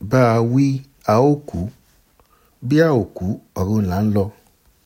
bá a wí a ó kú bí a ò kú ọ̀run là ń lọ.